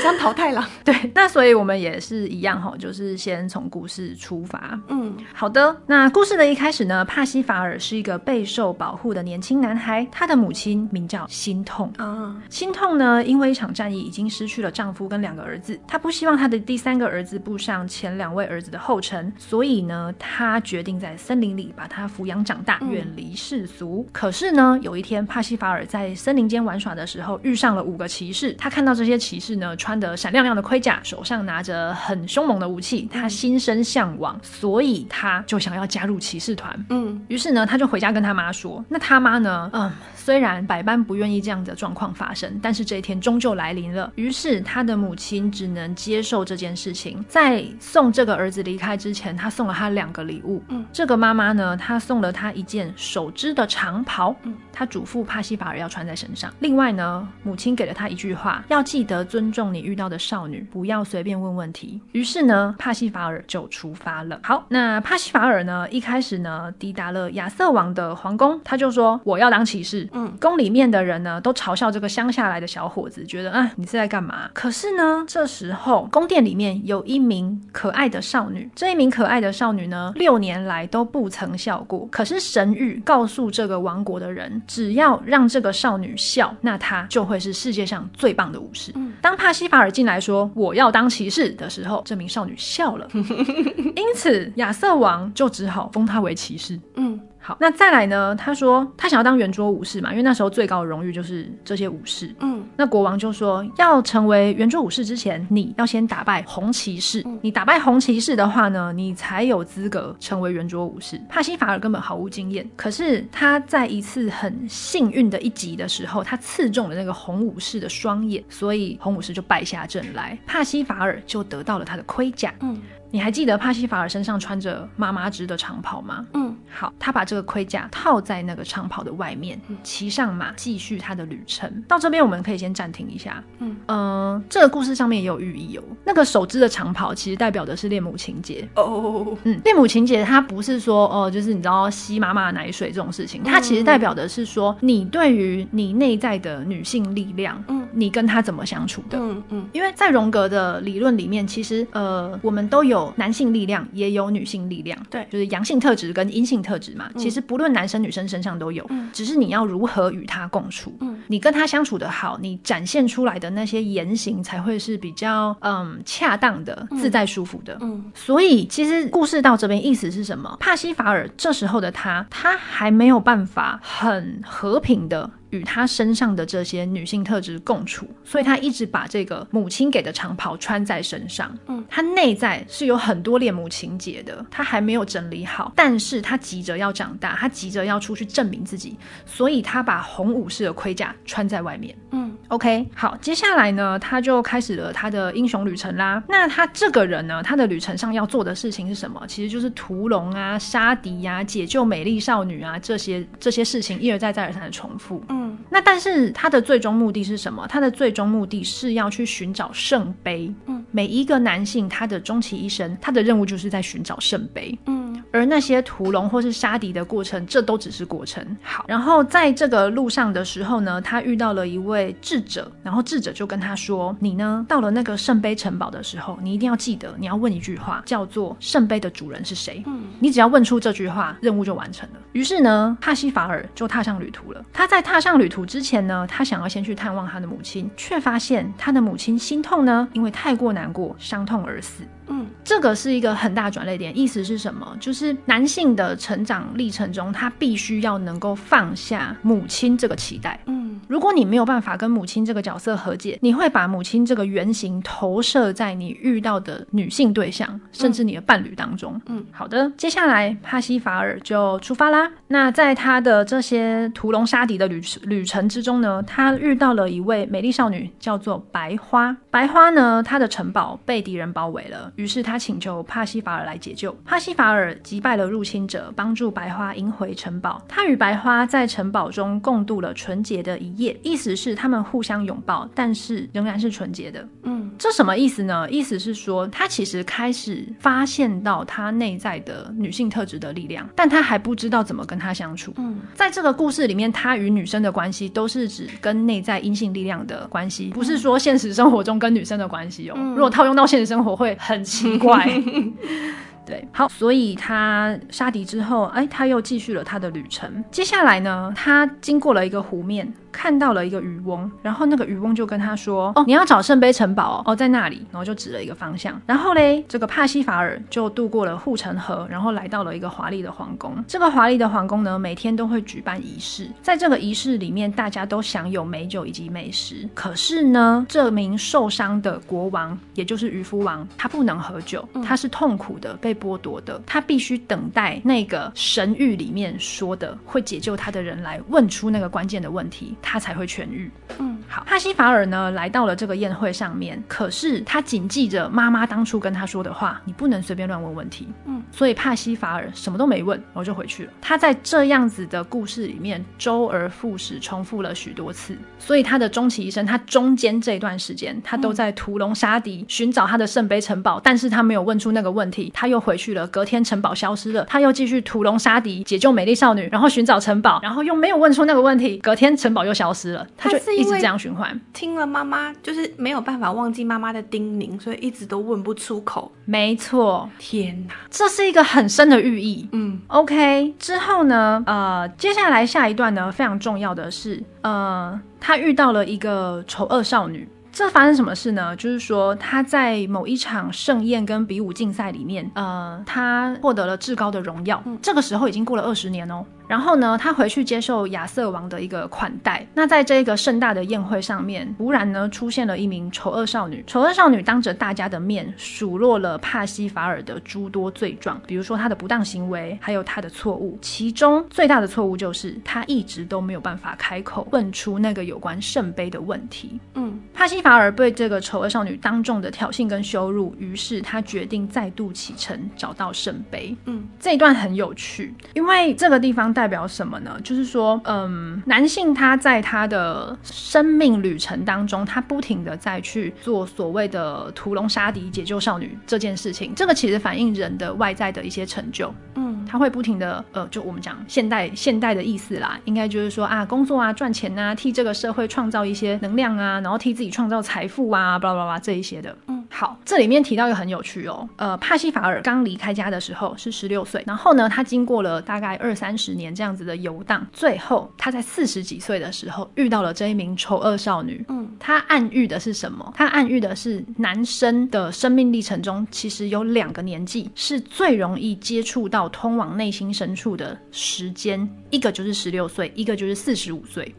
將淘汰了。 對，那所以我們也是一樣哈，就是先從故事出發。嗯，好的。那故事的一開始呢，帕西法爾是一個備受保護的年輕男孩，他的母親名叫心痛啊。心痛呢，因為一場戰役已經失去了丈夫跟兩個兒子，她不希望她的第三個兒子步上前兩位兒子的後塵，所以呢，她決定在森林裡把他撫養長大，嗯、遠離世俗。可是呢，有一天，帕西法爾在森林間玩耍的時候，遇上了五個騎士，他看到這些騎士呢，穿的閃亮亮的盔甲，手上拿着很兇猛的武器，他心生嚮往，所以他就想要加入騎士團。嗯，於是呢，他就回家跟他媽說。那他媽呢？嗯，雖然百般不願意這樣的狀況發生，但是這一天終究來臨了。於是他的母親只能接受這件事情。在送這個兒子離開之前，他送了他兩個禮物。嗯，這個媽媽呢，她送了他一件手織的長袍。嗯，他囑咐帕西法爾要穿在身上。另外呢，母親給了他一句話，要記得尊重。你遇到的少女，不要隨便問問題。於是呢，帕西法爾就出發了。好，那帕西法爾呢？一開始呢，抵達了亞瑟王的皇宮，他就說：“我要當騎士。”嗯，宮裡面的人呢，都嘲笑這個鄉下來的小伙子，覺得啊、哎，你是在幹嘛？可是呢，這時候宮殿裡面有一名可愛的少女，這一名可愛的少女呢，六年來都不曾笑過。可是神諭告訴這個王國的人，只要讓這個少女笑，那她就會是世界上最棒的武士。嗯，當帕。西法爾進來說：“我要當騎士”的時候，這名少女笑了。 因此，亞瑟王就只好封他為騎士。嗯。好，那再來呢？他說他想要當圓桌武士嘛，因為那時候最高的榮譽就是這些武士。嗯，那國王就說，要成為圓桌武士之前，你要先打敗紅騎士。嗯、你打敗紅騎士的話呢，你才有資格成為圓桌武士。帕西法爾根本毫無經驗，可是他在一次很幸運的一擊的時候，他刺中了那個紅武士的雙眼，所以紅武士就敗下陣來，帕西法爾就得到了他的盔甲。嗯。你還記得帕西法爾身上穿着媽媽織的長袍嗎？嗯，好，他把這個盔甲套在那個長袍的外面，嗯、騎上馬繼續他的旅程。到這邊我們可以先暫停一下。嗯、呃、這個故事上面也有寓意哦。那個手織的長袍其實代表的是戀母情節。哦哦哦。嗯，戀母情節它不是說哦、呃，就是你知道吸媽媽的奶水這種事情，它其實代表的是說、嗯、你對於你內在的女性力量，嗯，你跟她怎麼相處的？嗯嗯。嗯，因為在榮格的理論裡面，其實呃，我們都有。男性力量，也有女性力量，對，就是陽性特質跟陰性特質嘛。嗯、其實不論男生女生身上都有，嗯、只是你要如何與他共處。嗯、你跟他相處得好，你展現出來的那些言行才會是比較嗯恰當的，自在舒服的。嗯、所以其實故事到這邊意思是什麼？帕西法爾這時候的他，他還沒有辦法很和平的。與他身上的這些女性特質共處，所以他一直把這個母親給的長袍穿在身上。嗯，他內在是有很多戀母情結，的，他還沒有整理好，但是他急着要長大，他急着要出去證明自己，所以他把紅武士的盔甲穿在外面。嗯。OK，好，接下來呢，他就開始了他的英雄旅程啦。那他這個人呢，他的旅程上要做的事情是什麼？其實就是屠龍啊、殺敵呀、解救美麗少女啊，這些這些事情一而再、再而三的重複。嗯，那但是他的最終目的是什麼？他的最終目的是要去尋找聖杯。嗯，每一個男性，他的終其一生，他的任務就是在尋找聖杯。嗯。而那些屠龍或是殺敵的過程，這都只是過程。好，然後在這個路上的時候呢，他遇到了一位智者，然後智者就跟他說：“你呢，到了那個聖杯城堡的時候，你一定要記得，你要問一句話，叫做‘聖杯的主人是誰’。嗯，你只要問出這句話，任務就完成了。”於是呢，帕西法爾就踏上旅途了。他在踏上旅途之前呢，他想要先去探望他的母親，卻發現他的母親心痛呢，因為太過難過、傷痛而死。嗯，這個是一個很大轉捩點，意思是什麼？就是男性的成長歷程中，他必須要能夠放下母親這個期待。嗯，如果你沒有辦法跟母親這個角色和解，你會把母親這個原型投射在你遇到的女性對象，甚至你的伴侶當中。嗯，嗯，好的，接下來帕西法爾就出發啦。那在他的這些屠龍殺敵的旅旅程之中呢，他遇到了一位美麗少女，叫做白花。白花呢，她的城堡被敵人包圍了。於是他請求帕西法爾來解救。帕西法爾擊敗了入侵者，幫助白花贏回城堡。他與白花在城堡中共度了純潔的一夜，意思是他們互相擁抱，但是仍然是純潔的。嗯，這什麼意思呢？意思是說他其實開始發現到他內在的女性特質的力量，但他還不知道怎麼跟他相處。嗯，在這個故事裡面，他與女生的關係都是指跟內在陰性力量的關係，不是說現實生活中跟女生的關係哦。如果、嗯、套用到現實生活，會很。奇怪， 對，好，所以他殺敵之後，哎、欸，他又繼續了他的旅程。接下來呢，他經過了一個湖面。看到了一個漁翁，然後那個漁翁就跟他說：“哦，你要找聖杯城堡哦，哦在那裡。”然後就指了一個方向。然後嘞，這個帕西法爾就渡過了護城河，然後來到了一個華麗的皇宮。這個華麗的皇宮呢，每天都會舉辦儀式，在這個儀式裡面，大家都享有美酒以及美食。可是呢，這名受傷的國王，也就是漁夫王，他不能喝酒，他是痛苦的被剝奪的，他必須等待那個神諭裡面說的會解救他的人來問出那個關鍵的問題。他才會痊癒。嗯，好，帕西法爾呢來到了這個宴會上面，可是他謹記着媽媽當初跟他說的話，你不能隨便亂問問題。嗯，所以帕西法爾什麼都沒問，然後就回去了。他在這樣子的故事裡面周而復始，重複了許多次。所以他的終其一生，他中間這段時間，他都在屠龍殺敵，尋找他的聖杯城堡，但是他沒有問出那個問題，他又回去了。隔天城堡消失了，他又繼續屠龍殺敵，解救美麗少女，然後尋找城堡，然後又沒有問出那個問題。隔天城堡。就消失了，他就一直這樣循環。聽了媽媽，就是沒有辦法忘記媽媽的叮嚀，所以一直都問不出口。沒錯，天哪，這是一個很深的寓意。嗯，OK，之後呢，呃，接下來下一段呢，非常重要的是，呃，他遇到了一個醜惡少女。這發生什麼事呢？就是說他在某一場盛宴跟比武競賽裡面，呃，他獲得了至高的榮耀。嗯、這個時候已經過了二十年哦。然後呢，他回去接受亞瑟王的一個款待。那在這個盛大的宴會上面，忽然呢出現了一名醜惡少女。醜惡少女當着大家的面數落了帕西法爾的諸多罪狀，比如說他的不當行為，還有他的錯誤。其中最大的錯誤就是他一直都沒有辦法開口問出那個有關聖杯的問題。嗯，帕西。他而被這個醜惡少女當眾的挑釁跟羞辱，於是他決定再度啟程找到聖杯。嗯，這一段很有趣，因為這個地方代表什麼呢？就是說，嗯、呃，男性他在他的生命旅程當中，他不停的在去做所謂的屠龍殺敵、解救少女這件事情，這個其實反映人的外在的一些成就。嗯。他會不停的，呃，就我們講現代現代的意思啦，應該就是說啊，工作啊，賺錢啊，替這個社會創造一些能量啊，然後替自己創造財富啊，巴拉巴拉這一些的。好，這裡面提到一個很有趣哦，呃，帕西法爾剛離開家的時候是十六歲，然後呢，他經過了大概二三十年這樣子的遊蕩，最後他在四十幾歲的時候遇到了這一名醜惡少女。嗯，他暗喻的是什麼？他暗喻的是男生的生命歷程中，其實有兩個年紀是最容易接觸到通往內心深處的時間，一個就是十六歲，一個就是四十五歲。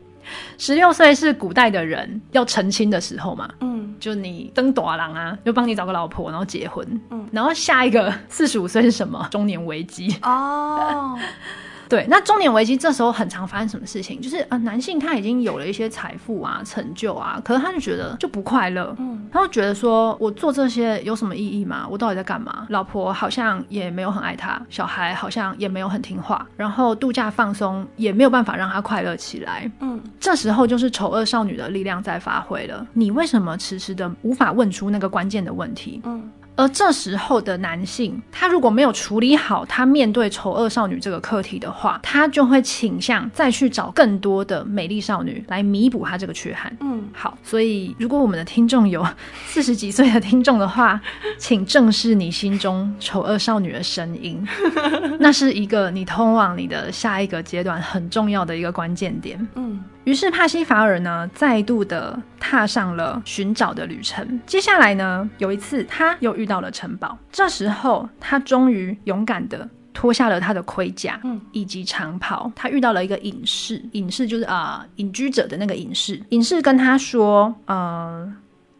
十六歲是古代的人要成親的時候嘛？嗯，就你轉大人啊，就幫你找個老婆，然後結婚。嗯，然後下一個四十五歲是什麼？中年危機哦。 對，那中年危機這時候很常發生什麼事情？就是啊、呃，男性他已經有了一些財富啊、成就啊，可是他就覺得就不快樂，嗯，他會覺得說，我做這些有什麼意義嗎？我到底在幹嘛？老婆好像也沒有很愛他，小孩好像也沒有很聽話，然後度假放鬆也沒有辦法讓他快樂起來，嗯，這時候就是醜惡少女的力量在發揮了。你為什麼遲遲的無法問出那個關鍵的問題？嗯。而這時候的男性，他如果沒有處理好他面對醜惡少女這個課題的話，他就會傾向再去找更多的美麗少女來彌補他這個缺憾。嗯，好，所以如果我們的聽眾有四十幾歲的聽眾的話，請正視你心中醜惡少女的聲音，那是一個你通往你的下一個階段很重要的一個關鍵點。嗯。於是帕西法爾呢，再度的踏上了尋找的旅程。接下來呢，有一次他又遇到了城堡。這時候他終於勇敢的脫下了他的盔甲以及長袍。他遇到了一個隱士，隱士就是啊、呃、隱居者的那個隱士。隱士跟他說，呃。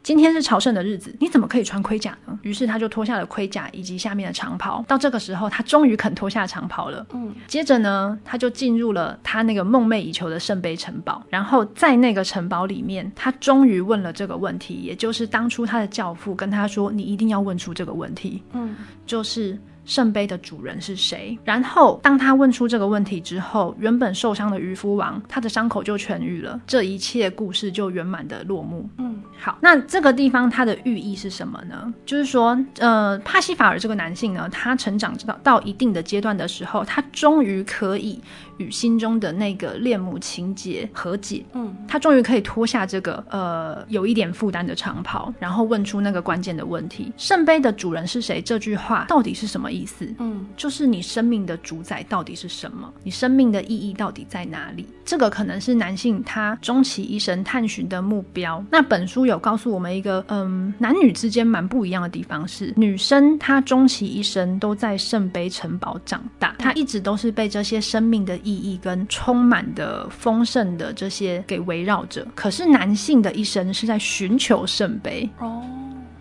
今天是朝聖的日子，你怎麼可以穿盔甲呢？於是他就脫下了盔甲以及下面的長袍。到這個時候，他終於肯脫下長袍了。嗯，接着呢，他就進入了他那個夢寐以求的聖杯城堡。然後在那個城堡裡面，他終於問了這個問題，也就是當初他的教父跟他說：“你一定要問出這個問題。”嗯，就是。聖杯的主人是誰？然後當他問出這個問題之後，原本受傷的漁夫王，他的傷口就痊癒了。這一切故事就圓滿的落幕。嗯，好，那這個地方它的寓意是什麼呢？就是說，呃，帕西法爾這個男性呢，他成長到到一定的階段的時候，他終於可以與心中的那個戀母情結和解。嗯，他終於可以脫下這個呃有一點負擔的長袍，然後問出那個關鍵的問題：聖杯的主人是誰？這句話到底是什麼意思？意思，嗯，就是你生命的主宰到底是什麼？你生命的意義到底在哪裡？這個可能是男性他終其一生探尋的目標。那本書有告訴我們一個，嗯，男女之間蠻不一樣的地方是，女生她終其一生都在聖杯城堡長大，她一直都是被這些生命的意義跟充滿的豐盛的這些給圍繞着。可是男性的一生是在尋求聖杯。哦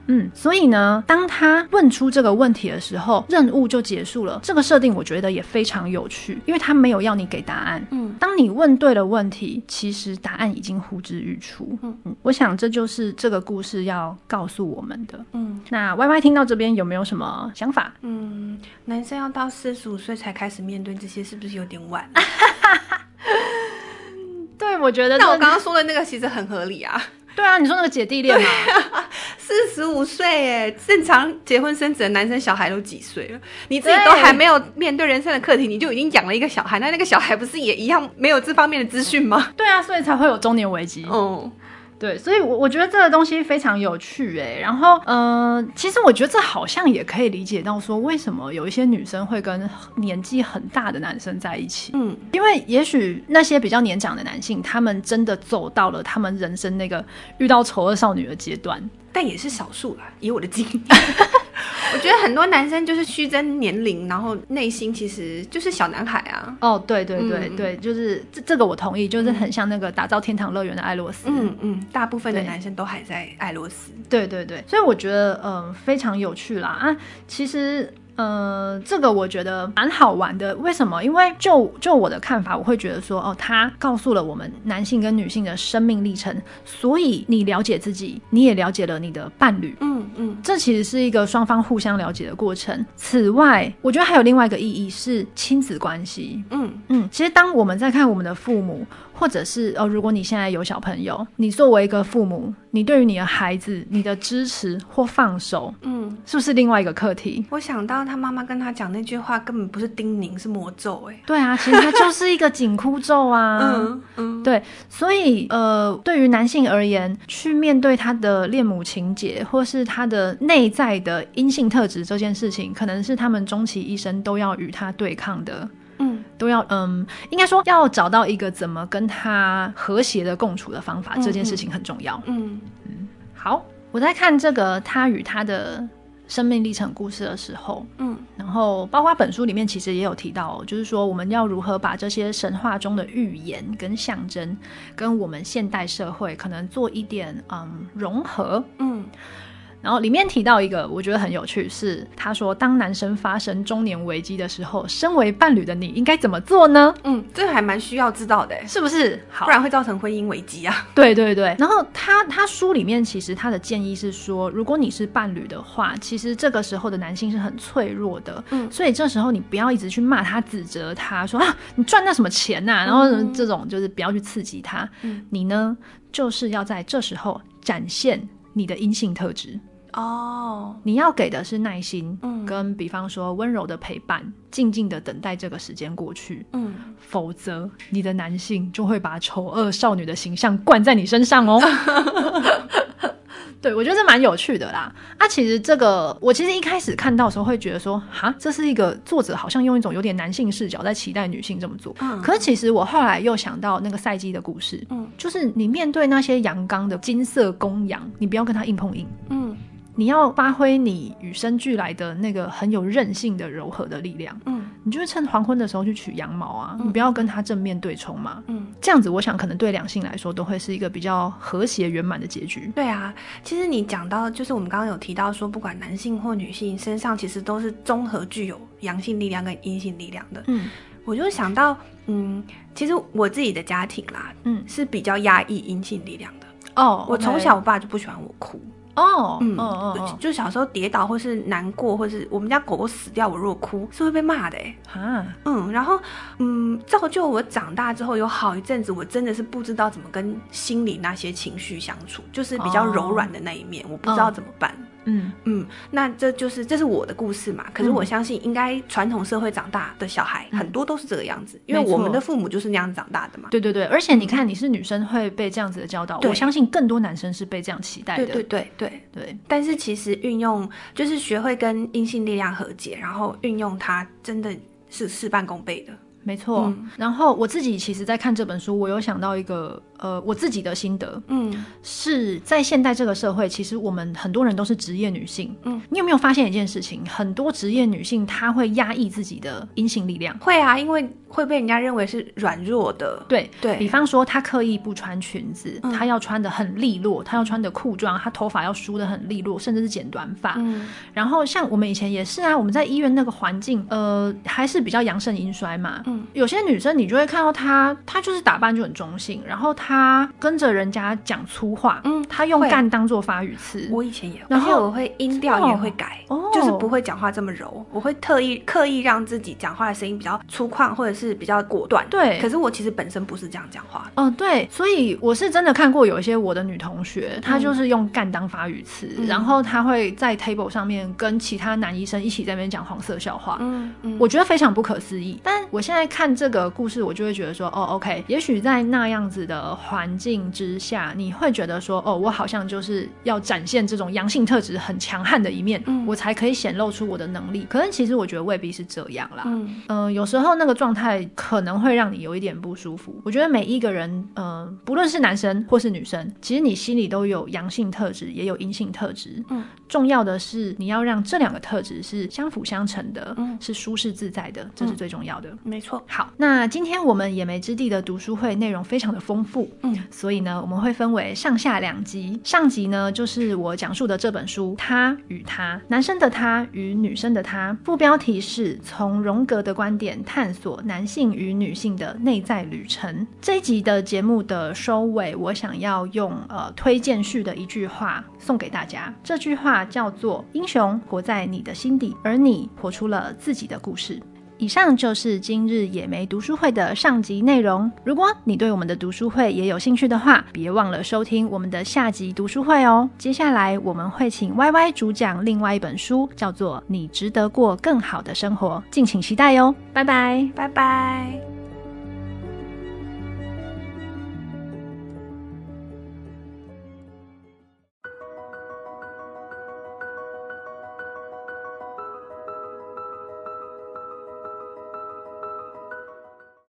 嗯，所以呢，當他問出這個問題的時候，任務就結束了。這個設定我覺得也非常有趣，因為他沒有要你給答案。嗯，當你問對了問題，其實答案已經呼之欲出。嗯，嗯，我想這就是這個故事要告訴我們的。嗯，那 YY 聽到這邊有沒有什麼想法？嗯，男生要到四十五歲才開始面對這些，是不是有點晚？哈哈哈。對，我覺得，那我剛剛說的那個其實很合理啊。對啊，你說那個姐弟戀嗎？四十五歲誒，正常結婚生子的男生小孩都幾歲了？你自己都還沒有面對人生的課題，你就已經養了一個小孩，那那個小孩不是也一樣沒有這方面的資訊嗎？對啊，所以才會有中年危機。嗯。對，所以我，我我覺得這個東西非常有趣誒、欸。然後，嗯、呃，其實我覺得這好像也可以理解到，說為什麼有一些女生會跟年紀很大的男生在一起。嗯，因為也許那些比較年長的男性，他們真的走到了他們人生那個遇到醜惡少女的階段。但也是少數啦，以我的經驗， 我覺得很多男生就是虛增年齡，然後內心其實就是小男孩啊。哦，對對對、嗯、對，就是這這個我同意，就是很像那個打造天堂樂園的艾洛斯。嗯嗯，大部分的男生都還在艾洛斯。對，對對對，所以我覺得嗯、呃、非常有趣啦啊，其實。呃，這個我覺得蠻好玩的。為什麼？因為就就我的看法，我會覺得說，哦，他告訴了我們男性跟女性的生命歷程，所以你了解自己，你也了解了你的伴侶。嗯嗯，嗯這其實是一個雙方互相了解的過程。此外，我覺得還有另外一個意義是親子關係。嗯嗯，其實當我們在看我們的父母，或者是哦，如果你現在有小朋友，你作為一個父母，你對於你的孩子，你的支持或放手，嗯，是不是另外一個課題？我想到他媽媽跟他講那句話，根本不是叮嚀，是魔咒，欸，哎，對啊，其實他就是一個緊箍咒啊，嗯嗯，對，所以呃，對於男性而言，去面對他的戀母情結或是他的內在的陰性特質這件事情，可能是他們終其一生都要與他對抗的。嗯，都要嗯，應該說要找到一個怎麼跟他和諧的共處的方法，嗯嗯、這件事情很重要。嗯嗯，好，我在看這個他與她的生命歷程故事的時候，嗯，然後包括本書裡面其實也有提到，就是說我們要如何把這些神話中的預言跟象徵，跟我們現代社會可能做一點嗯融合，嗯。然後裡面提到一個我覺得很有趣，是他說當男生發生中年危機的時候，身為伴侶的你應該怎麼做呢？嗯，這個還蠻需要知道的，是不是？好，不然會造成婚姻危機啊。對對對。然後他他書裡面其實他的建議是說，如果你是伴侶的話，其實這個時候的男性是很脆弱的，嗯，所以這時候你不要一直去罵他、指責他，說啊你賺那什麼錢吶、啊？然後這種就是不要去刺激他，嗯哼，你呢就是要在這時候展現你的陰性特質。哦，oh, 你要給的是耐心，嗯，跟比方說溫柔的陪伴，靜靜的等待這個時間過去，嗯，否則你的男性就會把醜惡少女的形象灌在你身上哦。 對，我覺得是蠻有趣的啦。啊，其實這個我其實一開始看到的時候會覺得說，哈，這是一個作者好像用一種有點男性視角在期待女性這麼做。嗯，可是其實我後來又想到那個賽姬的故事，嗯，就是你面對那些陽剛的金色公羊，你不要跟他硬碰硬，嗯。你要發揮你與生俱來的那個很有韌性的柔和的力量，嗯，你就是趁黃昏的時候去取羊毛啊，嗯，你不要跟他正面對衝嘛，嗯，這樣子我想可能對兩性來說都會是一個比較和諧圓滿的結局。對啊，其實你講到就是我們剛剛有提到說，不管男性或女性身上其實都是綜合具有陽性力量跟陰性力量的，嗯，我就想到，嗯，其實我自己的家庭啦，嗯，是比較壓抑陰性力量的哦，oh, okay. 我從小我爸就不喜歡我哭。哦，oh, 嗯 oh, oh, oh. 就小時候跌倒，或是難過，或是我們家狗狗死掉，我若，我如果哭是會被罵的，欸，哎，Huh? 嗯，然後嗯，造就我長大之後有好一陣子，我真的是不知道怎麼跟心裡那些情緒相處，就是比較柔軟的那一面，oh. 我不知道怎麼辦。Oh. 嗯嗯嗯，那這就是這是我的故事嘛？可是我相信，應該傳統社會長大的小孩很多都是這個樣子，嗯、因為我們的父母就是那樣子長大的嘛。對對對，而且你看，你是女生會被這樣子的教導，嗯、我相信更多男生是被這樣期待的。對對對對對。對對但是其實運用就是學會跟陰性力量和解，然後運用它，真的是事半功倍的。沒錯，嗯、然後我自己其實，在看這本書，我有想到一個呃，我自己的心得，嗯，是在現代這個社會，其實我們很多人都是職業女性，嗯，你有沒有發現一件事情？很多職業女性她會壓抑自己的陰性力量？會啊，因為，會被人家認為是軟弱的，對對，對，比方說，他刻意不穿裙子，嗯、他要穿的很利落，他要穿的褲裝，他頭髮要梳的很利落，甚至是剪短髮。嗯、然後像我們以前也是啊，我們在醫院那個環境，呃，還是比較陽盛陰衰嘛。嗯、有些女生你就會看到她，她就是打扮就很中性，然後她跟着人家講粗話，嗯，她用幹當做發語詞。我以前也有，然後我會音調也會改，錯就是不會講話這麼柔，哦、我會特意刻意讓自己講話的聲音比較粗獷或者。是比較果斷，對。可是我其實本身不是這樣講話的，嗯、呃，對。所以我是真的看過有一些我的女同學，她就是用幹當發語詞，嗯、然後她會在 table 上面跟其他男醫生一起在那邊講黃色笑話，嗯嗯，嗯我覺得非常不可思議。但我現在看這個故事，我就會覺得說，哦，OK，也許在那樣子的環境之下，你會覺得說，哦，我好像就是要展現這種陽性特質很強悍的一面，嗯，我才可以顯露出我的能力。可是其實我覺得未必是這樣啦，嗯、呃，有時候那個狀態。可能會讓你有一點不舒服。我覺得每一個人，嗯、呃，不論是男生或是女生，其實你心裡都有陽性特質，也有陰性特質。嗯，重要的是你要讓這兩個特質是相輔相成的，嗯，是舒適自在的，這是最重要的。嗯、沒錯。好，那今天我們野莓之地的讀書會內容非常的豐富，嗯，所以呢，我們會分為上下兩集。上集呢，就是我講述的這本書，他與她，男生的他與女生的她。副標題是從榮格的觀點探索男。男性與女性的內在旅程。這一集的節目的收尾，我想要用呃推薦序的一句話送給大家。這句話叫做：“英雄活在你的心底，而你活出了自己的故事。”以上就是今日野莓讀書會的上集內容。如果你對我們的讀書會也有興趣的話，別忘了收聽我們的下集讀書會哦。接下來我們會請歪歪主講另外一本書，叫做《你值得過更好的生活》，敬請期待喲。拜拜，拜拜。